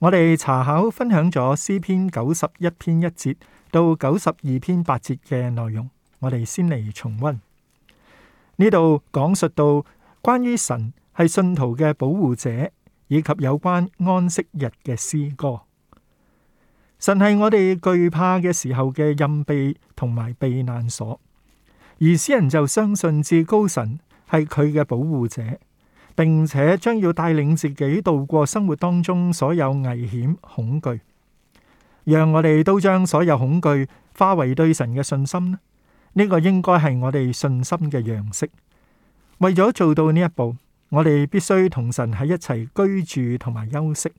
我哋查考分享咗詩篇九十一篇一節到九十二篇八節嘅內容，我哋先嚟重溫，呢度講述到關於神係信徒嘅保護者，以及有關安息日嘅詩歌。神係我哋懼怕嘅時候嘅蔭庇同埋避難所，而詩人就相信至高神係佢嘅保護者。並且將要帶領自己度過生活當中所有危險、恐懼，讓我哋都將所有恐懼化為對神嘅信心呢？呢個應該係我哋信心嘅樣式。為咗做到呢一步，我哋必須同神喺一齊居住同埋休息，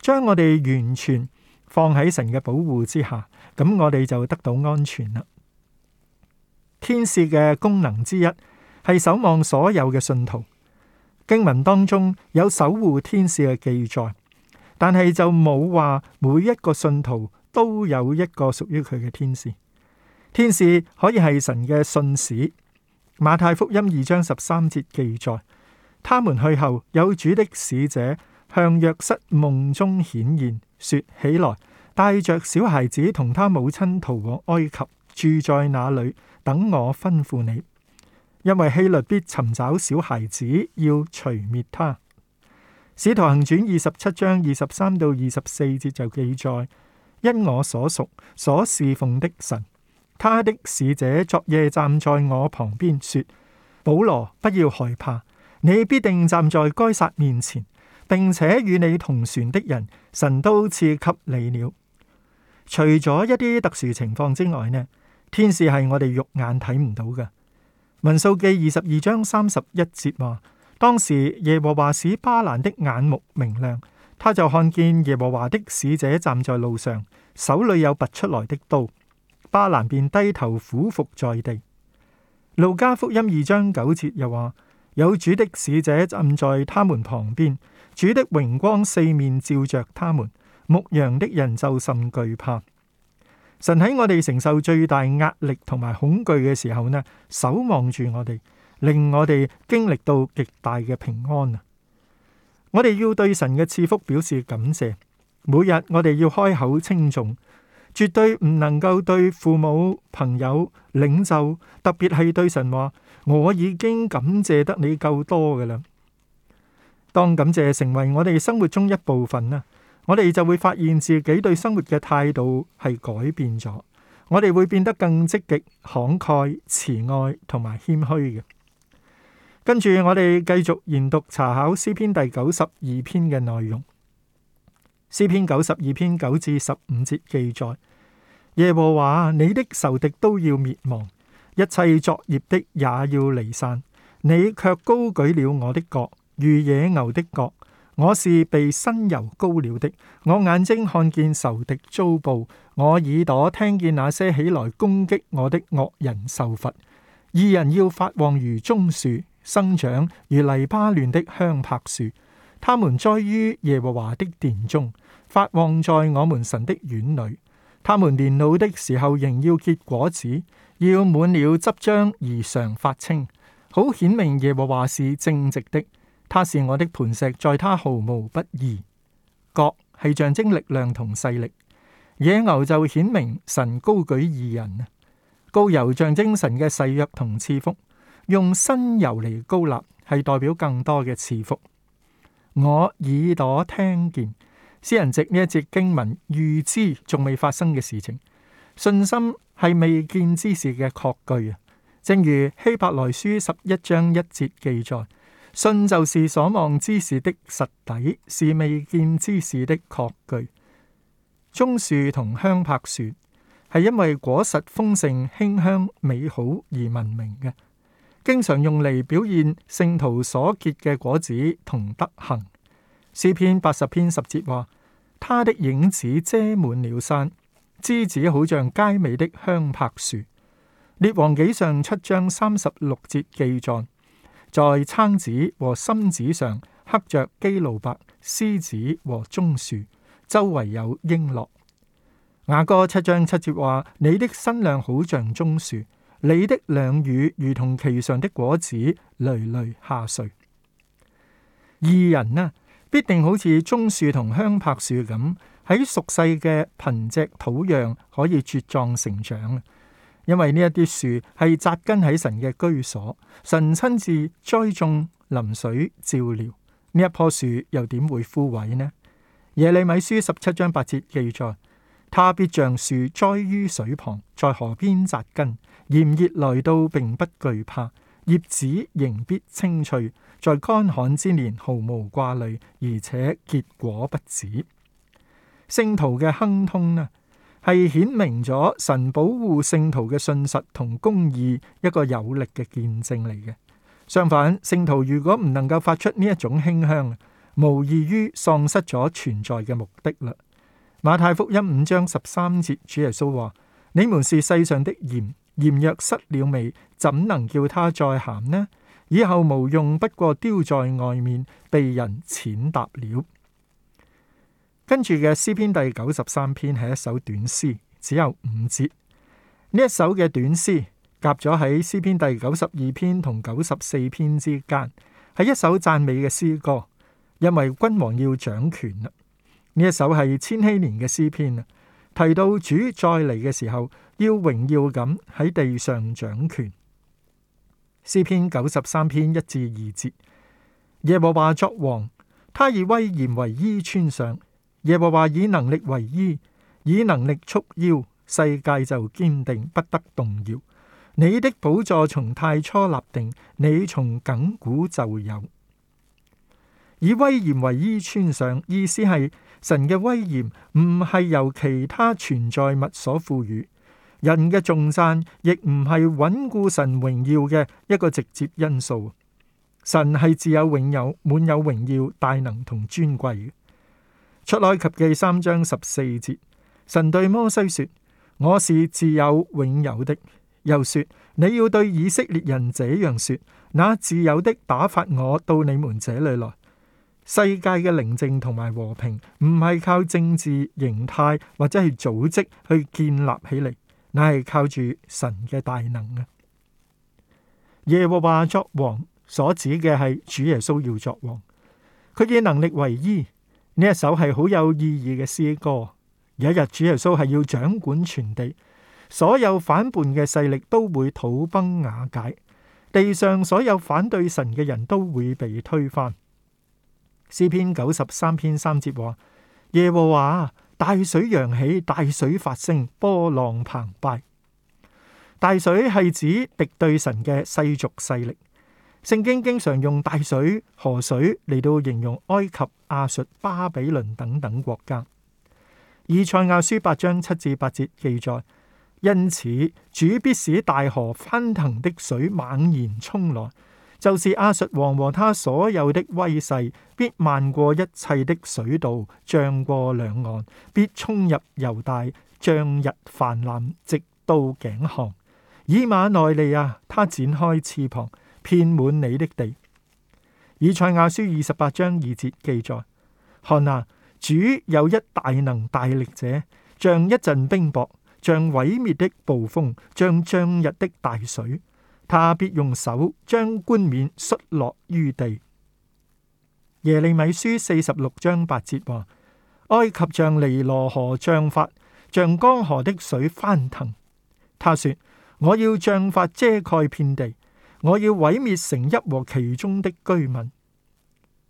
將我哋完全放喺神嘅保護之下，咁我哋就得到安全啦。天使嘅功能之一，係守望所有嘅信徒。經文當中有守護天使嘅記載，但係就冇話每一個信徒都有一個屬於佢嘅天使。天使可以係神嘅信使。馬太福音二章十三節記載，他們去後，有主的使者向約瑟夢中顯現，說：起來，帶着小孩子同他母親逃往埃及，住在那裏，等我吩咐你。因為希律必尋找小孩子，要除滅他。使徒行傳二十七章二十三到二十四節就記載：因我所屬所侍奉的神，他的使者昨夜站在我旁邊說：保羅，不要害怕，你必定站在該撒面前，並且與你同船的人，神都賜及給你了。除咗一啲特殊情況之外呢，天使係我哋肉眼睇唔到㗎。民數記二十二章三十一節話：當時耶和華使巴蘭的眼目明亮，他就看見耶和華的使者站在路上，手裏有拔出來的刀。巴蘭便低頭俯伏在地。路加福音二章九節又話：有主的使者站在他們旁邊，主的榮光四面照着他們，牧羊的人就甚懼怕。神喺我哋承受最大壓力同埋恐懼嘅時候呢，守望住我哋，令我哋經歷到極大嘅平安啊！我哋要對神嘅賜福表示感謝，每日我哋要開口稱頌，絕對唔能夠對父母、朋友、領袖，特別係對神話，我已經感謝得你夠多㗎喇。當感謝成為我哋生活中一部分啦。我哋就會發現自己對生活嘅態度係改變咗，我哋會變得更積極、慷慨、慈愛同埋謙虛嘅。跟住我哋繼續研讀查考詩篇第九十二篇嘅內容。詩篇九十二篇九至十五節記載：耶和華，你的仇敵都要滅亡，一切作孽的也要離散。你卻高舉了我的角，如野牛的角。我是被新油膏了的，我眼睛看見仇敵遭報，我耳朵聽見那些起來攻擊我的惡人受罰。二人要發旺如棕樹生長，如黎巴嫩的香柏樹。他們栽於耶和華的殿中，發旺在我們神的院裏。他們年老的時候仍要結果子，要滿了執張而常發青，好顯明耶和華是正直的。他是我的磐石，在他毫無不義。角係象徵力量同勢力，野牛就顯明神高舉義人。膏油象徵神嘅誓約同賜福，用新油嚟膏立係代表更多嘅賜福。我耳朵聽見詩人藉呢一節經文，預知仲未發生嘅事情。信心係未見之事嘅確據啊，正如希伯來書十一章一節記載。信就是所望之事的實底，是未見之事的確據。棕樹同香柏樹係因為果實豐盛、馨香美好而聞名嘅，經常用嚟表現聖徒所結嘅果子同德行。詩篇八十篇十節話：他的影子遮滿了山，枝子好像佳美的香柏樹。列王紀上七章三十六節記載。在撐子和心子上刻着基路伯、獅子和棕樹，周圍有瓔珞。雅歌七章七節話：你的身量好像棕樹，你的兩乳如同其上的果子，累累下垂。義人呢、啊，必定好似棕樹同香柏樹咁，喺俗世嘅貧瘠土壤可以茁壯成長。因為呢一啲樹係扎根喺神嘅居所，神親自栽種、淋水照料，呢一棵樹又點會枯萎呢？耶利米書十七章八節記載：他必像樹栽，栽於水旁，在河邊扎根，炎熱來到並不懼怕，葉子仍必青翠，在乾旱之年毫無掛慮，而且結果不止。聖徒嘅亨通呢？係顯明咗神保護聖徒嘅信實同公義，一個有力嘅見證嚟嘅。相反，聖徒如果唔能夠發出呢一種馨香，無異於喪失咗存在嘅目的啦。馬太福音五章十三節，主耶穌話：你們是世上的鹽，鹽若失了味，怎能叫它再鹹呢？以後無用，不過丟在外面，被人踐踏了。跟住嘅詩篇第九十三篇係一首短詩，只有五節。呢一首嘅短詩夾咗喺詩篇第九十二篇同九十四篇之間，係一首讚美嘅詩歌。因為君王要掌權啦，呢一首係千禧年嘅詩篇啊，提到主再嚟嘅時候要榮耀咁喺地上掌權。詩篇九十三篇一至二節，耶和華作王，他以威嚴為衣穿上。耶和華以能力為衣，以能力束腰，世界就堅定不得動搖。你的寶座從太初立定，你從亙古就有。以威嚴為衣穿上，意思係神嘅威嚴唔係由其他存在物所賦予，人嘅頌讚亦唔係穩固神榮耀嘅一個直接因素。神係自有永有，滿有榮耀、大能同尊貴。出埃及記三章十四節，神對摩西說：我是自有永有的。又說：你要對以色列人這樣說：那自有的打發我到你們這裏來。世界嘅寧靜同埋和平，唔係靠政治形態或者係組織去建立起嚟，乃係靠住神嘅大能啊！耶和華作王所指嘅係主耶穌要作王，佢以能力為依。呢一首係好有意義嘅詩歌。有一日主耶穌係要掌管全地，所有反叛嘅勢力都會土崩瓦解，地上所有反對神嘅人都會被推翻。詩篇九十三篇三節話：耶和華，大水揚起，大水發聲，波浪澎湃。大水係指敵對神嘅世俗勢力。聖經經常用大水、河水嚟到形容埃及、亞述、巴比倫等等國家。以賽亞書八章七至八節記載，因此主必使大河翻騰的水猛然沖來，就是亞述王和他所有的威勢，必漫過一切的水道，漲過兩岸，必沖入猶大，漲日氾濫，直到頸項。以馬內利啊，他展開翅膀，遍滿你的地。以賽亞書二十八章二節記載：看啊，主有一大能大力者，像一陣冰雹，像毀滅的暴風，像漲日的大水。他必用手將冠冕摔落於地。耶利米書四十六章八節話：埃及像尼羅河漲發，像江河的水翻騰。他說：我要漲發遮蓋遍，遍地。我要毀滅城邑和其中的居民。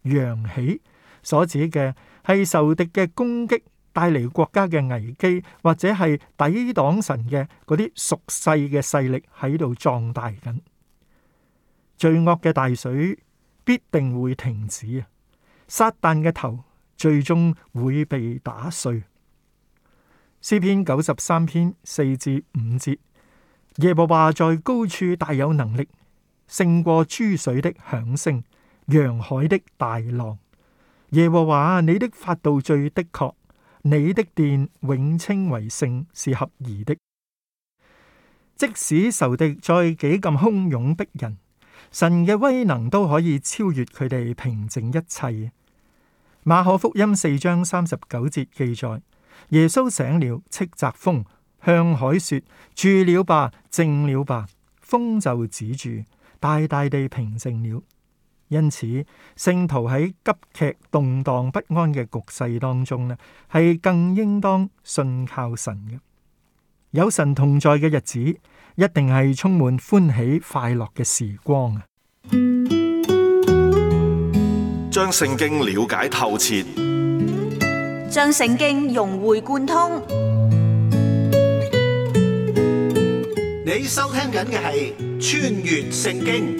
揚起所指嘅係受敵嘅攻擊帶嚟國家嘅危機，或者係抵擋神嘅嗰啲屬世嘅勢力喺度壯大緊。罪惡嘅大水必定會停止啊！撒旦嘅頭最終會被打碎。詩篇九十三篇四至五節，耶和華在高處大有能力。勝過諸水的響聲，洋海的大浪。耶和華你的法度最的確，你的殿永稱為聖是合宜的。即使仇敵再幾咁洶湧逼人，神嘅威能都可以超越佢哋，平靜一切。馬可福音四章三十九節記載，耶穌醒了，斥責風，向海說：住了吧，靜了吧，風就止住。大大地平靜了，因此聖徒喺急劇動盪不安嘅局勢當中咧，係更應當信靠神嘅。有神同在嘅日子，一定係充滿歡喜快樂嘅時光啊！將聖經了解透徹，將聖經融會貫通。你收聽緊嘅係穿越聖經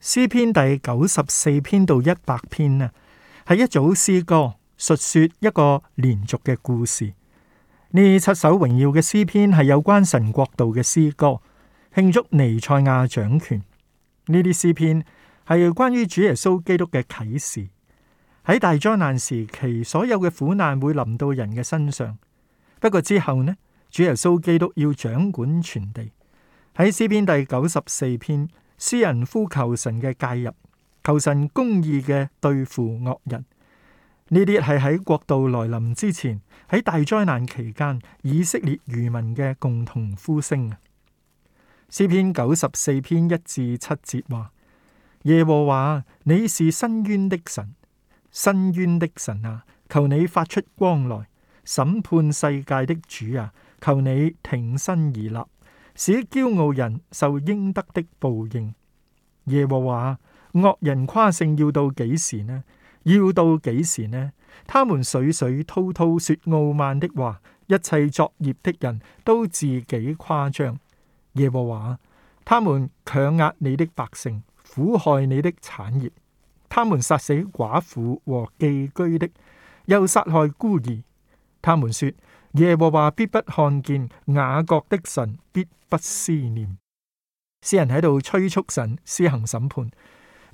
詩篇第九十四篇到一百篇啊，係一組詩歌，述說一個連續嘅故事。呢七首榮耀嘅詩篇係有關神國度嘅詩歌，慶祝彌賽亞掌權。呢啲詩篇係關於主耶穌基督嘅啟示。喺大災難時期，所有嘅苦難會臨到人嘅身上。不過之後呢，主耶穌基督要掌管全地。喺詩篇第九十四篇，詩人呼求神嘅介入，求神公義嘅對付惡人。呢啲係喺國度來臨之前，喺大災難期間，以色列餘民嘅共同呼聲啊。詩篇九十四篇一至七節話：耶和華，你是伸冤的神。伸冤的神啊，求你發出光來。審判世界的主啊，求你挺身而立，使驕傲人受應得的報應。耶和華啊，惡人誇勝要到幾時呢？要到幾時呢？他們水水滔滔說傲慢的話，一切作孽的人都自己誇張。耶和華啊，他們強壓你的百姓，苦害你的產業。他們殺死寡婦和寄居的，又殺害孤兒。他們說：耶和華必不看見，雅各的神必不思念。詩人喺度催促神施行審判，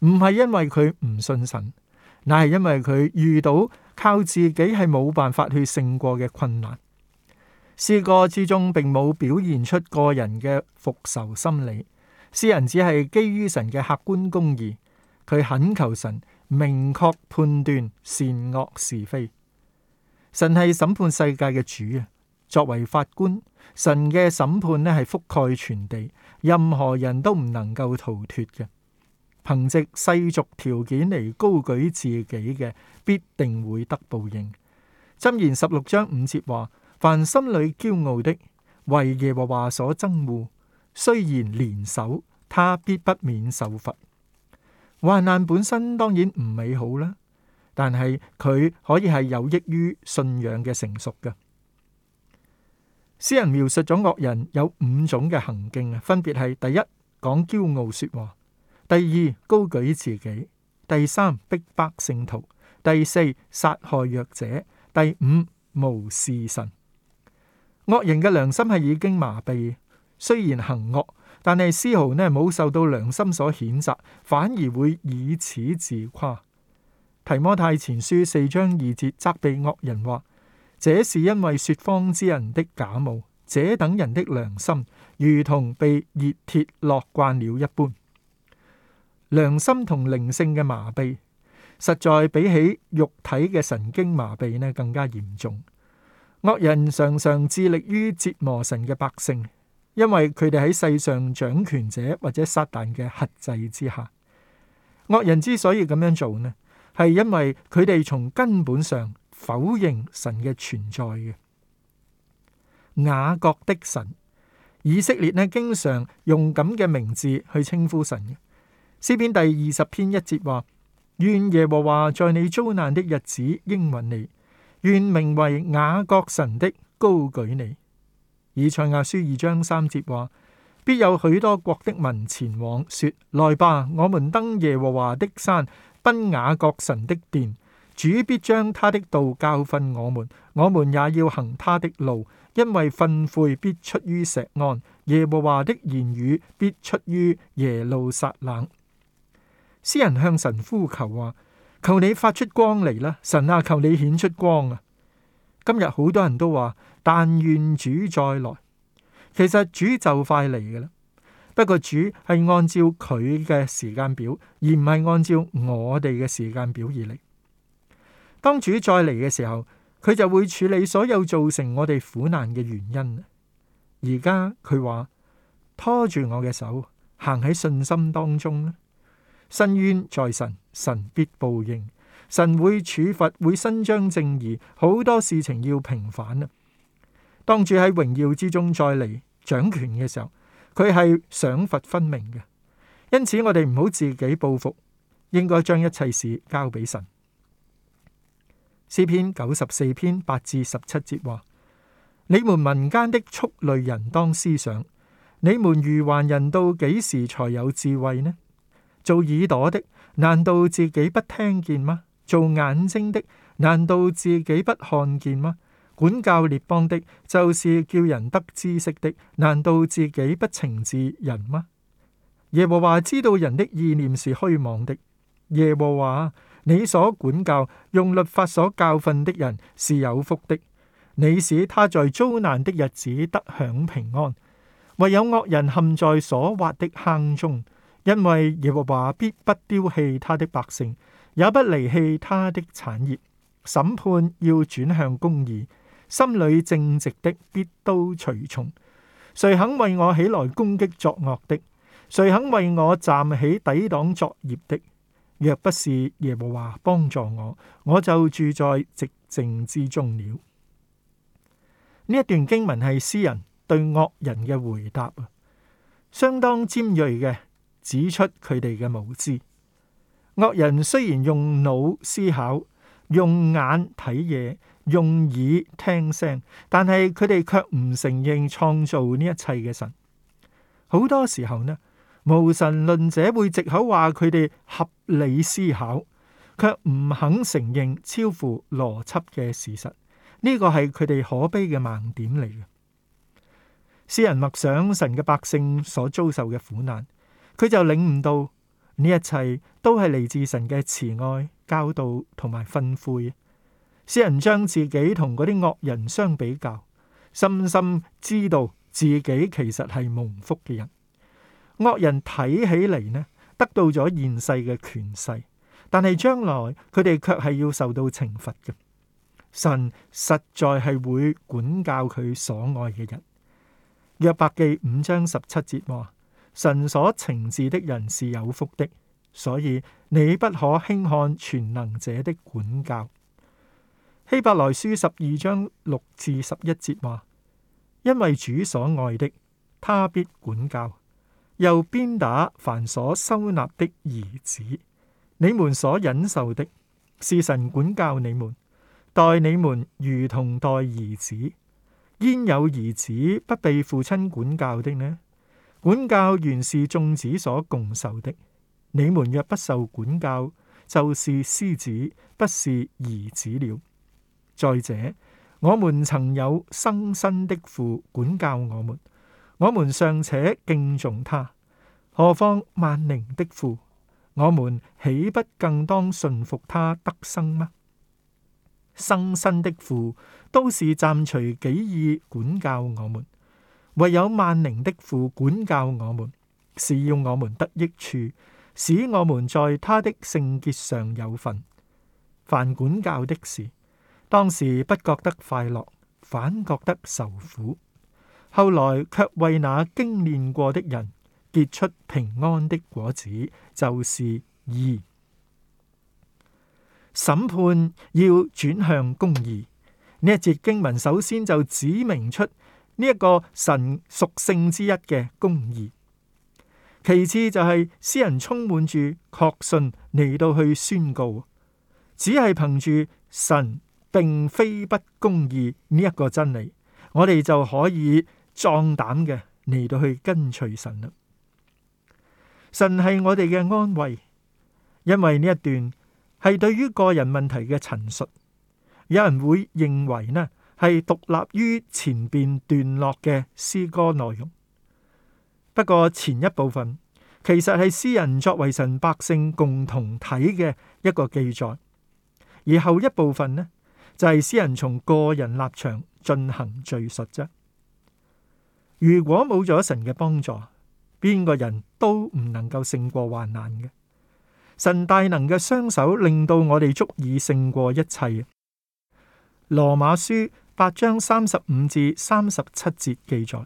唔係因為佢唔信神，乃係因為佢遇到靠自己係冇辦法去勝過嘅困難。詩歌之中並冇表現出個人嘅復仇心理，詩人只係基於神嘅客觀公義。佢懇求神明確判斷善惡是非，神係審判世界嘅主啊！作為法官，神嘅審判呢係覆蓋全地，任何人都唔能夠逃脫嘅。憑藉世俗條件嚟高舉自己嘅，必定會得報應。箴言十六章五節話：凡心裏驕傲的，為耶和華所憎惡，雖然連手，他必不免受罰。患難本身當然唔美好啦，但係佢可以係有益於信仰嘅成熟嘅。詩人描述咗惡人有五種嘅行徑啊，分別係：第一，講驕傲說話；第二，高舉自己；第三，逼迫聖徒；第四，殺害弱者；第五，無視神。惡人嘅良心係已經麻痹，雖然行惡。但係絲毫呢冇受到良心所譴責，反而會以此自誇。提摩太前書四章二節責備惡人話，這是因為說謊之人的假冒，這等人的良心如同被熱鐵烙慣了一般。良心同靈性嘅麻痹，實在比起肉體嘅神經麻痹呢更加嚴重。惡人常常致力於折磨神嘅百姓。因為佢哋喺世上掌權者或者撒但嘅轄制之下，惡人之所以咁樣做呢，係因為佢哋從根本上否認神嘅存在嘅。雅各的神，以色列呢，經常用咁嘅名字去稱呼神嘅。詩篇第二十篇一節話：願耶和華在你遭難的日子應允你，願名為雅各神的高舉你。以賽亞書二章三節話：必有許多國的民前往，說：來吧，我們登耶和華的山，奔雅各神的殿。主必將他的道教訓我們，我們也要行他的路，因為訓誨必出於錫安，耶和華的言語必出於耶路撒冷。詩人向神呼求話：求你發出光嚟啦，神啊，求你顯出光啊！今日好多人都話。但願主再來，其實主就快嚟嘅啦。不過主係按照佢嘅時間表，而唔係按照我哋嘅時間表而嚟。當主再嚟嘅時候，佢就會處理所有造成我哋苦難嘅原因。而家佢話拖住我嘅手，行喺信心當中啦。伸冤在神，神必報應，神會處罰，會伸張正義，好多事情要平反啊！當主喺榮耀之中再嚟掌權嘅時候，佢係賞罰分明嘅。因此我哋唔好自己報復，應該將一切事交俾神。詩篇九十四篇八至十七節話：你們民間的畜類人當思想，你們愚頑人到幾時才有智慧呢？做耳朵的難道自己不聽見嗎？做眼睛的難道自己不看見嗎？管教列邦的，就是叫人得知識的。難道自己不懲治人嗎？耶和華知道人的意念是虛妄的。耶和華，你所管教用律法所教訓的人是有福的。你使他在遭難的日子得享平安。唯有惡人陷在所挖的坑中，因為耶和華必不丟棄他的百姓，也不離棄他的產業。審判要轉向公義。心裏正直的必都隨從，誰肯為我起來攻擊作惡的？誰肯為我站起抵擋作孽的？若不是耶和華幫助我，我就住在寂靜之中了。咁呢一段經文係詩人對惡人嘅回答啊，相當尖銳嘅指出佢哋嘅無知。惡人雖然用腦思考，用眼睇嘢。用耳聽聲，但係佢哋卻唔承認創造呢一切嘅神。好多時候呢，無神論者會藉口話佢哋合理思考，卻唔肯承認超乎邏輯嘅事實。呢、這個係佢哋可悲嘅盲點嚟嘅。詩人默想神嘅百姓所遭受嘅苦難，佢就領悟到呢一切都係嚟自神嘅慈愛、教導同埋訓誨。詩人將自己同嗰啲惡人相比較，深深知道自己其實係蒙福嘅人。惡人睇起嚟呢，得到咗現世嘅權勢，但係將來佢哋卻係要受到懲罰嘅。神實在係會管教佢所愛嘅人。約伯記五章十七節話：神所懲治的人是有福的，所以你不可輕看全能者的管教。希伯來書十二章六至十一節話：因為主所愛的，他必管教；又鞭打凡所收納的兒子。你們所忍受的，是神管教你們，待你們如同待兒子。焉有兒子不被父親管教的呢？管教原是眾子所共受的。你們若不受管教，就是私子，不是兒子了。再者，我們曾有生身的父管教我們，我們尚且敬重他，何況萬靈的父？我們豈不更當信服他得生嗎？生身的父都是暫隨己意管教我們，唯有萬靈的父管教我們，是要我們得益處，使我們在他的聖潔上有份。凡管教的事，當時不覺得快樂，反覺得受苦。後來卻為那經練過的人結出平安的果子，就是義。審判要轉向公義，呢一節經文，首先就指明出呢一個神屬性之一嘅公義，其次就係詩人充滿住確信嚟到去宣告，只係憑住神。並非不公義呢一個真理，我哋就可以壯膽嘅嚟到去跟隨神啦。神係我哋嘅安慰，因為呢一段係對於個人問題嘅陳述。有人會認為呢係獨立於前邊段落嘅詩歌內容，不過前一部分其實係詩人作為神百姓共同體嘅一個記載，而後一部分呢？就係詩人從個人立場進行敘述啫。如果冇咗神嘅幫助，邊個人都唔能夠勝過患難嘅。神大能嘅雙手令到我哋足以勝過一切。羅馬書八章三十五至三十七節記載：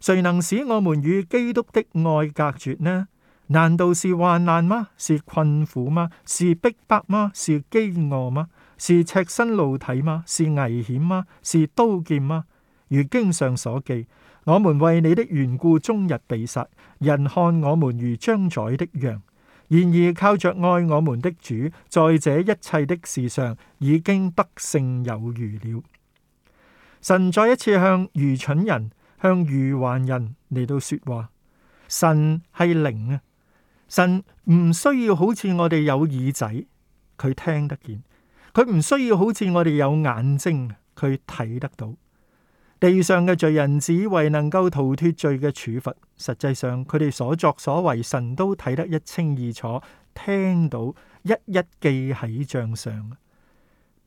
誰能使我們與基督的愛隔絕呢？難道是患難嗎？是困苦嗎？是逼迫嗎？是飢餓嗎？是赤身露體嗎？是危險嗎？是刀劍嗎？如經上所記，我們為你的緣故終日被殺，人看我們如將宰的羊。然而靠着愛我們的主，在這一切的事上已經得勝有餘了。神再一次向愚蠢人、向愚頑人嚟到說話。神係靈啊，神唔需要好似我哋有耳仔，佢聽得見。佢唔需要好似我哋有眼睛，佢睇得到地上嘅罪人，只為能夠逃脫罪嘅處罰。實際上，佢哋所作所為，神都睇得一清二楚，聽到一一記喺賬上。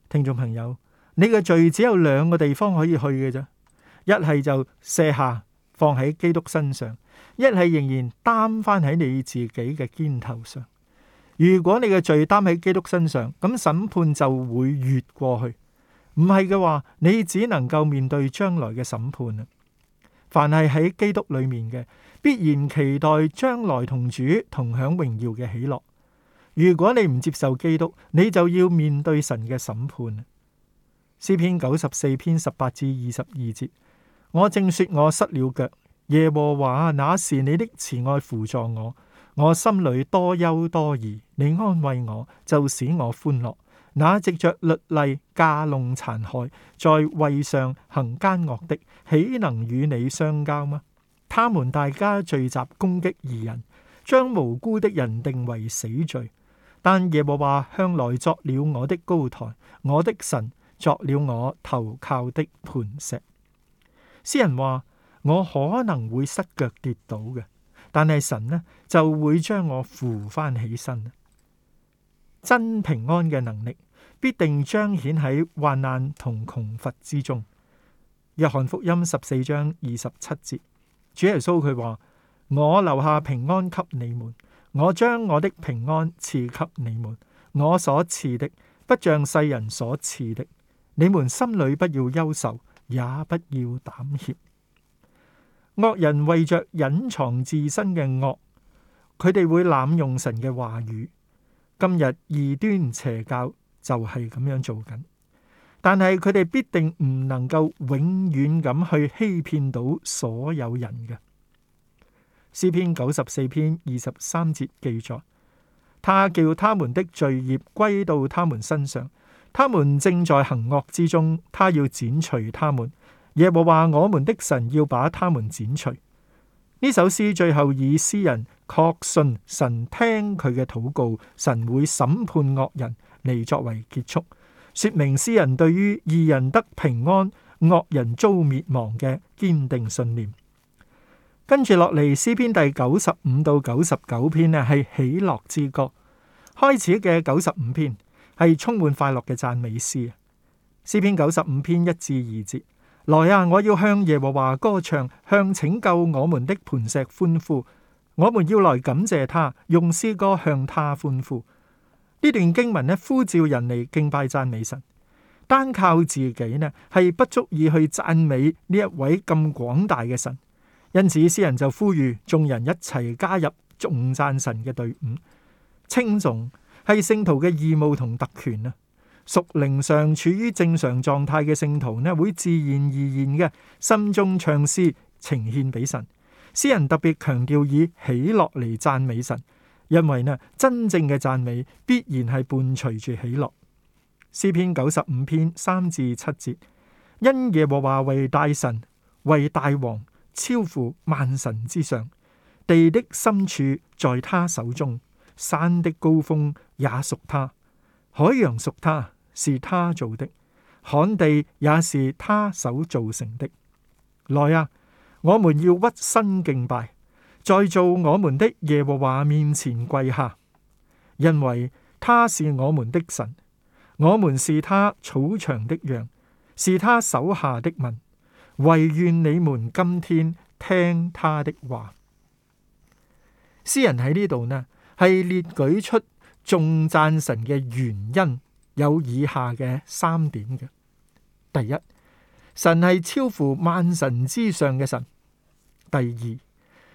聽眾朋友，你嘅罪只有兩個地方可以去嘅啫，一係就卸下放喺基督身上，一係仍然擔翻喺你自己嘅肩頭上。如果你嘅罪擔喺基督身上，咁審判就會越過去。唔係嘅話，你只能夠面對將來嘅審判啊！凡係喺基督裏面嘅，必然期待將來同主同享榮耀嘅喜樂。如果你唔接受基督，你就要面對神嘅審判。詩篇九十四篇十八至二十二節：我正說我失了腳，耶和華，那時你的慈愛扶助我。我心裏多憂多疑，你安慰我，就使我歡樂。那藉着律例架弄殘害，在位上行奸惡的，豈能與你相交嗎？他們大家聚集攻擊二人，將無辜的人定為死罪。但耶和華向來作了我的高台，我的神作了我投靠的磐石。詩人話：我可能會失腳跌倒嘅。但係神呢，就會將我扶翻起身。真平安嘅能力必定彰顯喺患難同窮乏之中。《約翰福音》十四章二十七節，主耶穌佢話：我留下平安給你們，我將我的平安賜給你們，我所賜的，不像世人所賜的。你們心裏不要憂愁，也不要膽怯。惡人為着隱藏自身嘅惡，佢哋會濫用神嘅話語。今日異端邪教就係咁樣做緊，但係佢哋必定唔能夠永遠咁去欺騙到所有人嘅。詩篇九十四篇二十三節記載：他叫他們的罪孽歸到他們身上，他們正在行惡之中，他要剪除他們。耶和華我們的神要把他們剪除。呢首詩最後以詩人確信神聽佢嘅禱告，神會審判惡人嚟，作為結束，說明詩人對於義人得平安、惡人遭滅亡嘅堅定信念。跟住落嚟，詩篇第九十五到九十九篇咧係喜樂之歌。開始嘅九十五篇係充滿快樂嘅讚美詩。詩篇九十五篇一至二節。來啊！我要向耶和華歌唱，向拯救我們的磐石歡呼。我們要來感謝他，用詩歌向他歡呼。呢段經文咧，呼召人嚟敬拜讚美神。單靠自己呢，係不足以去讚美呢一位咁廣大嘅神。因此，詩人就呼籲眾人一齊加入頌讚神嘅隊伍。稱頌係聖徒嘅義務同特權啊！屬靈上處於正常狀態嘅聖徒呢，會自然而然嘅心中唱詩呈獻俾神。詩人特別強調以喜樂嚟讚美神，因為呢，真正嘅讚美必然係伴隨住喜樂。詩篇九十五篇三至七節：因耶和華為大神，為大王，超乎萬神之上。地的深處在他手中，山的高峰也屬他，海洋屬他。是他做的，旱地也是他手造成的。來啊，我們要屈身敬拜，在做我們的耶和華面前跪下，因為他是我們的神，我們是他草場的羊，是他手下的民。唯願你們今天聽他的話。詩人喺呢度呢，係列舉出眾讚神嘅原因。有以下嘅三點嘅：第一，神係超乎萬神之上嘅神；第二，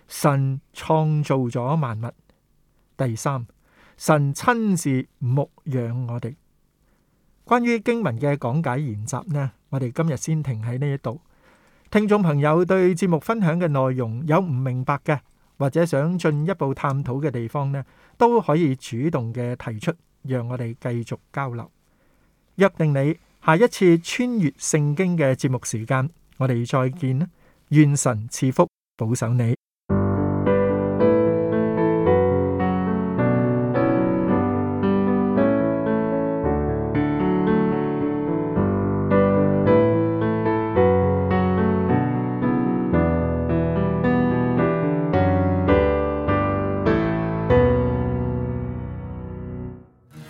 神創造咗萬物；第三，神親自牧養我哋。關於經文嘅講解研習呢，我哋今日先停喺呢一度。聽眾朋友對節目分享嘅內容有唔明白嘅，或者想進一步探討嘅地方呢，都可以主動嘅提出。讓我哋繼續交流，約定你下一次穿越聖經嘅節目時間，我哋再見啦！願神賜福，保守你。